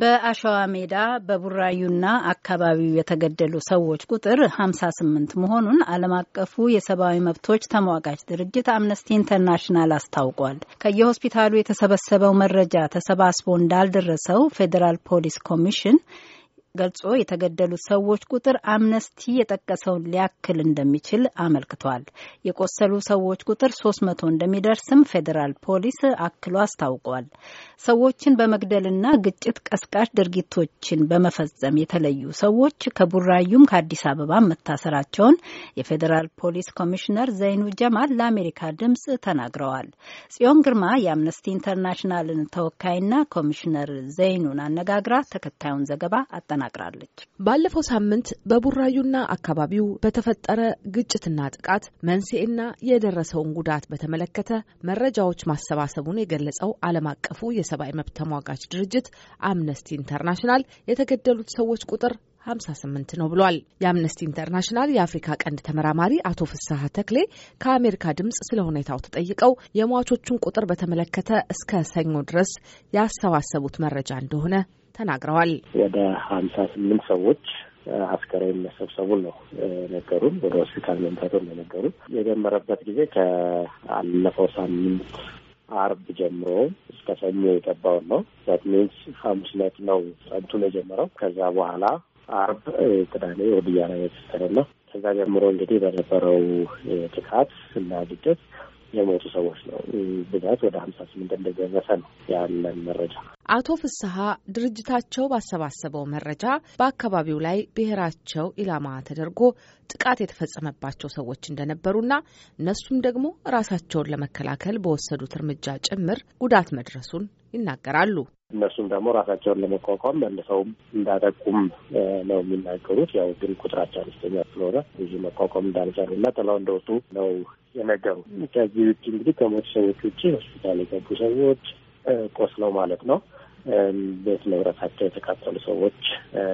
በአሸዋ ሜዳ በቡራዩና አካባቢው የተገደሉ ሰዎች ቁጥር 58 መሆኑን ዓለም አቀፉ የሰብአዊ መብቶች ተሟጋች ድርጅት አምነስቲ ኢንተርናሽናል አስታውቋል። ከየሆስፒታሉ የተሰበሰበው መረጃ ተሰባስቦ እንዳልደረሰው ፌዴራል ፖሊስ ኮሚሽን ገልጾ የተገደሉት ሰዎች ቁጥር አምነስቲ የጠቀሰውን ሊያክል እንደሚችል አመልክቷል። የቆሰሉ ሰዎች ቁጥር 300 መቶ እንደሚደርስም ፌዴራል ፖሊስ አክሎ አስታውቋል። ሰዎችን በመግደልና ግጭት ቀስቃሽ ድርጊቶችን በመፈጸም የተለዩ ሰዎች ከቡራዩም ከአዲስ አበባ መታሰራቸውን የፌዴራል ፖሊስ ኮሚሽነር ዘይኑ ጀማል ለአሜሪካ ድምጽ ተናግረዋል። ጽዮን ግርማ የአምነስቲ ኢንተርናሽናልን ተወካይና ኮሚሽነር ዘይኑን አነጋግራ ተከታዩን ዘገባ አጠናል ተናግራለች። ባለፈው ሳምንት በቡራዩና አካባቢው በተፈጠረ ግጭትና ጥቃት መንስኤና የደረሰውን ጉዳት በተመለከተ መረጃዎች ማሰባሰቡን የገለጸው ዓለም አቀፉ የሰብአዊ መብት ተሟጋች ድርጅት አምነስቲ ኢንተርናሽናል የተገደሉት ሰዎች ቁጥር 58 ነው ብሏል። የአምነስቲ ኢንተርናሽናል የአፍሪካ ቀንድ ተመራማሪ አቶ ፍስሐ ተክሌ ከአሜሪካ ድምጽ ስለ ሁኔታው ተጠይቀው የሟቾቹን ቁጥር በተመለከተ እስከ ሰኞ ድረስ ያሰባሰቡት መረጃ እንደሆነ ተናግረዋል። ወደ ሀምሳ ስምንት ሰዎች አስከሬን መሰብሰቡን ነው ነገሩን። ወደ ሆስፒታል መምጣቱን ነው ነገሩን። የጀመረበት ጊዜ ከአለፈው ሳምንት አርብ ጀምሮ እስከ ሰኞ የገባውን ነው። ዛት ሚንስ ሐሙስ ዕለት ነው ጸንቱን የጀመረው። ከዛ በኋላ አርብ፣ ቅዳሜ ወዲያ ነው የተሰረና ከዛ ጀምሮ እንግዲህ በነበረው ጥቃት እና ግጭት የሞቱ ሰዎች ነው ብዛት ወደ ሀምሳ ስምንት እንደደረሰ ነው ያለን መረጃ። አቶ ፍስሀ ድርጅታቸው ባሰባሰበው መረጃ በአካባቢው ላይ ብሔራቸው ኢላማ ተደርጎ ጥቃት የተፈጸመባቸው ሰዎች እንደነበሩና እነሱም ደግሞ ራሳቸውን ለመከላከል በወሰዱት እርምጃ ጭምር ጉዳት መድረሱን ይናገራሉ። እነሱም ደግሞ ራሳቸውን ለመቋቋም መልሰውም እንዳጠቁም ነው የሚናገሩት። ያው ግን ቁጥራቸው አነስተኛ ስለሆነ ብዙ መቋቋም እንዳልቻሉ እና ጥለው እንደወጡ ነው የነገሩ። ከዚህ ውጭ እንግዲህ ከሞቱ ሰዎች ውጭ ሆስፒታል የገቡ ሰዎች ቆስለው ማለት ነው ቤት ንብረታቸው የተቃጠሉ ሰዎች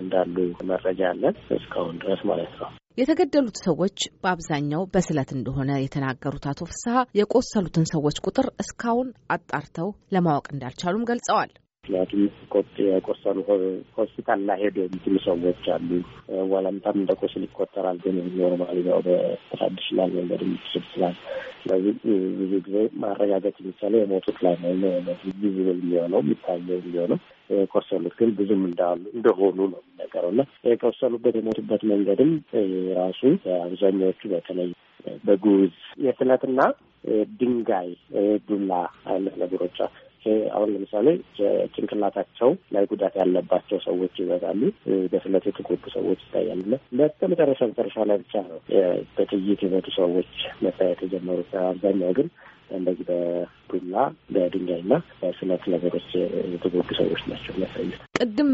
እንዳሉ መረጃ ያለን እስካሁን ድረስ ማለት ነው። የተገደሉት ሰዎች በአብዛኛው በስለት እንደሆነ የተናገሩት አቶ ፍስሀ የቆሰሉትን ሰዎች ቁጥር እስካሁን አጣርተው ለማወቅ እንዳልቻሉም ገልጸዋል። ምክንያቱም ቆጥ የቆሰሉ ሆስፒታል ላይ ሄዱ የሚችሉ ሰዎች አሉ። ዋላምታም እንደ ቁስል ይቆጠራል። ግን ኖርማሊ ነው በትራዲሽናል መንገድ የሚችል ስላል ስለዚህ ብዙ ጊዜ ማረጋገጥ የሚቻለው የሞቱት ላይ ነው ጊዜ የሚሆነው የሚታየው የሚሆነው የቆሰሉት ግን ብዙም እንዳሉ እንደሆኑ ነው የሚነገረው እና የቆሰሉበት የሞቱበት መንገድም ራሱ አብዛኛዎቹ በተለይ በጉዝ የስለትና ድንጋይ ዱላ አይነት ነገሮች አሁን ለምሳሌ ጭንቅላታቸው ላይ ጉዳት ያለባቸው ሰዎች ይበዛሉ። በስለት የተጎዱ ሰዎች ይታያሉ። በስተመጨረሻ መጨረሻ ላይ ብቻ ነው በጥይት የመቱ ሰዎች መታየት የጀመሩት። አብዛኛው ግን እንደዚህ በዱላ በድንጋይና በስለት ነገሮች የተጎዱ ሰዎች ናቸው የሚያሳዩት። ቅድም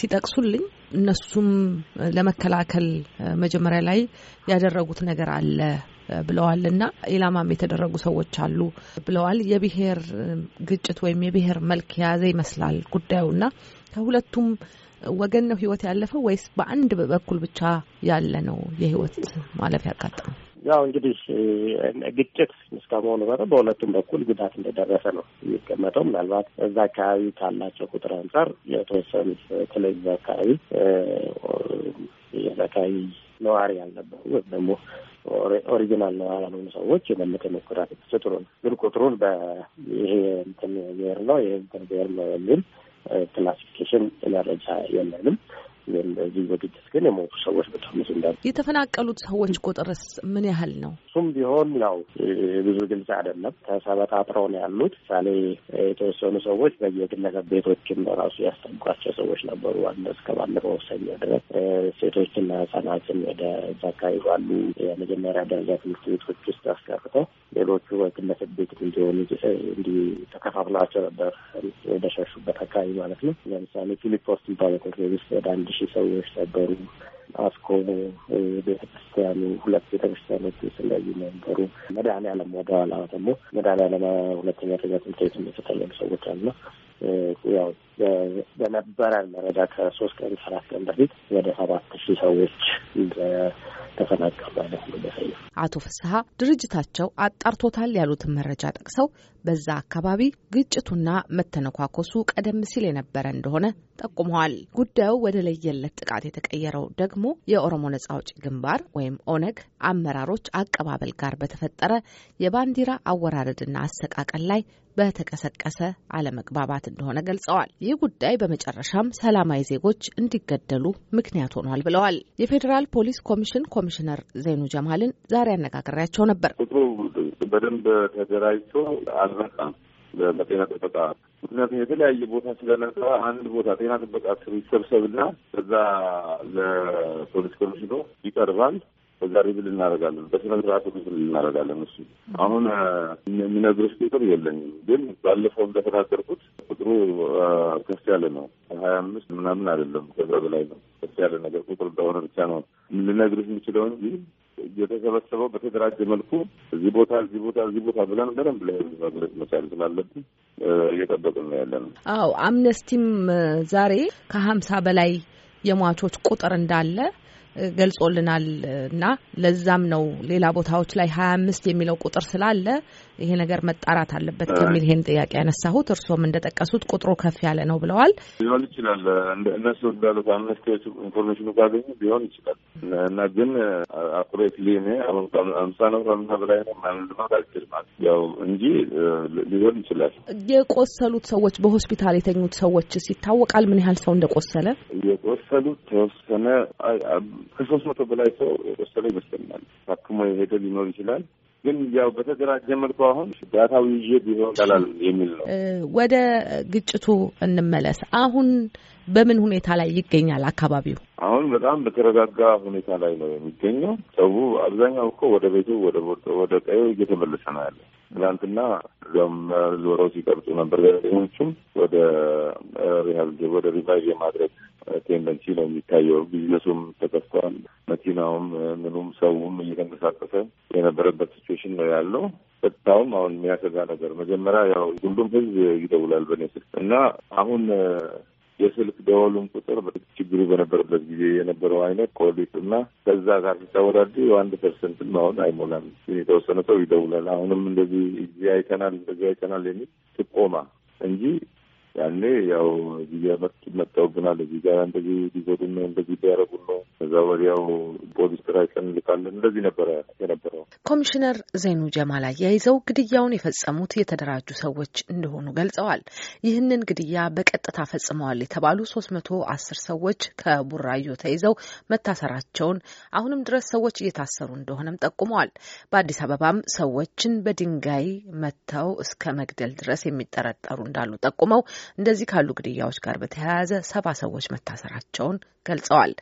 ሲጠቅሱልኝ እነሱም ለመከላከል መጀመሪያ ላይ ያደረጉት ነገር አለ ብለዋል እና ኢላማም የተደረጉ ሰዎች አሉ ብለዋል። የብሄር ግጭት ወይም የብሄር መልክ የያዘ ይመስላል ጉዳዩ እና ከሁለቱም ወገን ነው ህይወት ያለፈው ወይስ በአንድ በኩል ብቻ ያለ ነው የህይወት ማለፍ ያጋጠመው? ያው እንግዲህ ግጭት እስከመሆኑ በረ በሁለቱም በኩል ጉዳት እንደደረሰ ነው የሚቀመጠው። ምናልባት እዛ አካባቢ ካላቸው ቁጥር አንጻር የተወሰኑ ተለይ አካባቢ የዛ ነዋሪ ያልነበሩ ወይም ደግሞ ኦሪጂናል ነው ያላሉ ሰዎች የበለጠ መጎዳት ፍጡሩ ነው። ግን ቁጥሩን በይሄ እንትን ብሔር ነው ይሄ እንትን ብሔር ነው የሚል ክላሲፊኬሽን መረጃ የለንም። በዚህ ዝግጅት ግን የሞቱ ሰዎች በጣም ብዙ እንዳሉ፣ የተፈናቀሉት ሰዎች ቁጥርስ ምን ያህል ነው? እሱም ቢሆን ያው ብዙ ግልጽ አይደለም። ተሰበጣጥረው ነው ያሉት። ምሳሌ የተወሰኑ ሰዎች በየግለሰብ ቤቶችም በራሱ ያስጠጓቸው ሰዎች ነበሩ። አለ እስከ ባለፈው ሰኞ ድረስ ሴቶችና ህጻናትን ወደ እዛ አካባቢ ባሉ የመጀመሪያ ደረጃ ትምህርት ቤቶች ውስጥ አስቀርተው ሌሎቹ በግለሰብ ቤት እንዲሆኑ እንዲ ተከፋፍለዋቸው ነበር ወደ ሸሹበት አካባቢ ማለት ነው። ለምሳሌ ፊሊፖስ ሚባለ ትምህርት ውስጥ ወደ አንድ ሺ ሰዎች ነበሩ። አስኮ ቤተክርስቲያኑ ሁለት ቤተክርስቲያኖች የተለያዩ ነበሩ። መድኃኒዓለም ወደኋላ ደግሞ መድኃኒዓለም ሁለተኛ ደረጃ ትምህርት ቤት የተለያዩ ሰዎች አሉና ያው በነበረን መረጃ ከሶስት ቀን ሰራት ቀን በፊት ወደ ሰባት ሺ ሰዎች ተፈናቀሉ አይነት ነው። አቶ ፍስሀ ድርጅታቸው አጣርቶታል ያሉትን መረጃ ጠቅሰው በዛ አካባቢ ግጭቱና መተነኳኮሱ ቀደም ሲል የነበረ እንደሆነ ጠቁመዋል። ጉዳዩ ወደ ለየለት ጥቃት የተቀየረው ደግሞ የኦሮሞ ነጻ አውጪ ግንባር ወይም ኦነግ አመራሮች አቀባበል ጋር በተፈጠረ የባንዲራ አወራረድና አሰቃቀል ላይ በተቀሰቀሰ አለመግባባት እንደሆነ ገልጸዋል። ይህ ጉዳይ በመጨረሻም ሰላማዊ ዜጎች እንዲገደሉ ምክንያት ሆኗል ብለዋል። የፌዴራል ፖሊስ ኮሚሽን ኮሚሽነር ዜኑ ጀማልን ዛሬ አነጋግሬያቸው ነበር። በደንብ ተደራጅቶ አልመጣም በጤና ጥበቃ ምክንያቱም የተለያየ ቦታ ስለነበረ አንድ ቦታ ጤና ጥበቃ ስር ይሰብሰብና እዛ ለፖሊስ ኮሚሽኑ ይቀርባል። በዛ ሪቪል እናደርጋለን፣ በስነ ስርዓቱ ሪቪል እናደርጋለን። እሱ አሁን የሚነግርሽ ቁጥር የለኝም፣ ግን ባለፈው እንደተናገርኩት ቁጥሩ ከፍ ያለ ነው። ሀያ አምስት ምናምን አይደለም፣ ከዛ በላይ ነው። ሰጥ ያለ ነገር ቁጥር እንደሆነ ብቻ ነው ልነግርህ የምችለው እንጂ የተሰበሰበው በተደራጀ መልኩ እዚህ ቦታ እዚህ ቦታ እዚህ ቦታ ብለን በደንብ ለህዝብ መግለጽ መቻል ስላለብን እየጠበቅን ነው ያለ ነው። አዎ አምነስቲም ዛሬ ከሀምሳ በላይ የሟቾች ቁጥር እንዳለ ገልጾልናል እና ለዛም ነው ሌላ ቦታዎች ላይ ሀያ አምስት የሚለው ቁጥር ስላለ ይሄ ነገር መጣራት አለበት ከሚል ይሄን ጥያቄ ያነሳሁት። እርስዎም እንደጠቀሱት ቁጥሩ ከፍ ያለ ነው ብለዋል። ሊሆን ይችላል እነሱ እንዳሉት አምነስቲዎች ኢንፎርሜሽኑ ካገኙ ሊሆን ይችላል እና ግን አኩሬት ሊኔ አምሳ ነው ከምሳ በላይ ነው ማለት አልችልም ያው እንጂ ሊሆን ይችላል። የቆሰሉት ሰዎች በሆስፒታል የተኙት ሰዎች ይታወቃል ምን ያህል ሰው እንደቆሰለ? የቆሰሉት ተወሰነ ከሶስት መቶ በላይ ሰው የቆሰለ ይመስለኛል። ታክሞ የሄደ ሊኖር ይችላል። ግን ያው በተደራጀ መልኩ አሁን ዳታው ይዤ ቢሆን ይቻላል የሚል ነው። ወደ ግጭቱ እንመለስ። አሁን በምን ሁኔታ ላይ ይገኛል አካባቢው? አሁን በጣም በተረጋጋ ሁኔታ ላይ ነው የሚገኘው። ሰው አብዛኛው እኮ ወደ ቤቱ ወደ ቀዩ እየተመለሰ ነው ያለ ትናንትና እዛም ዞሮ ሲቀርጹ ነበር። ጋዜጠኞቹም ወደ ሪሀብ ወደ ሪቫይቭ የማድረግ ቴንደንሲ ነው የሚታየው። ቢዝነሱም ተከፍቷል። መኪናውም ምኑም ሰውም እየተንቀሳቀሰ የነበረበት ሲትዌሽን ነው ያለው። ጸጥታውም አሁን የሚያሰጋ ነገር መጀመሪያ ያው ሁሉም ህዝብ ይደውላል በኔ ስልክ እና አሁን የስልክ ደወሉን ቁጥር ችግሩ በነበረበት ጊዜ የነበረው አይነት ኮሊት እና ከዛ ጋር ሲታወዳድር አንድ ፐርሰንትም አሁን አይሞላም። የተወሰነ ሰው ይደውላል። አሁንም እንደዚህ እዚህ አይተናል እንደዚህ አይተናል የሚል ጥቆማ እንጂ ያኔ ያው እዚህ ጋር መጠውብናል፣ እዚህ ጋር እንደዚህ ሊዘዱን ነው፣ እንደዚህ ሊያረጉን ነው፣ ከዛ ወዲያው ፖሊስ ትራይ እንልካለን። እንደዚህ ነበረ የነበረው። ኮሚሽነር ዘይኑ ጀማል አያይዘው ግድያውን የፈጸሙት የተደራጁ ሰዎች እንደሆኑ ገልጸዋል። ይህንን ግድያ በቀጥታ ፈጽመዋል የተባሉ ሶስት መቶ አስር ሰዎች ከቡራዮ ተይዘው መታሰራቸውን አሁንም ድረስ ሰዎች እየታሰሩ እንደሆነም ጠቁመዋል። በአዲስ አበባም ሰዎችን በድንጋይ መተው እስከ መግደል ድረስ የሚጠረጠሩ እንዳሉ ጠቁመው እንደዚህ ካሉ ግድያዎች ጋር በተያያዘ ሰባ ሰዎች መታሰራቸውን ገልጸዋል።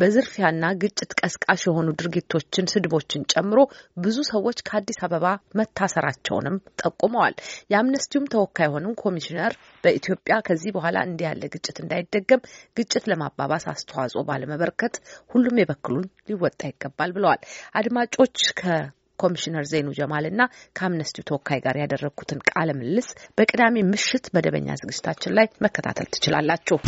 በዝርፊያና ግጭት ቀስቃሽ የሆኑ ድርጊቶችን፣ ስድቦችን ጨምሮ ብዙ ሰዎች ከአዲስ አበባ መታሰራቸውንም ጠቁመዋል። የአምነስቲውም ተወካይ የሆኑም ኮሚሽነር በኢትዮጵያ ከዚህ በኋላ እንዲህ ያለ ግጭት እንዳይደገም ግጭት ለማባባስ አስተዋጽኦ ባለመበርከት ሁሉም የበኩሉን ሊወጣ ይገባል ብለዋል። አድማጮች ከ ኮሚሽነር ዜኑ ጀማልና ከአምነስቲው ተወካይ ጋር ያደረግኩትን ቃለ ምልልስ በቅዳሜ ምሽት መደበኛ ዝግጅታችን ላይ መከታተል ትችላላችሁ።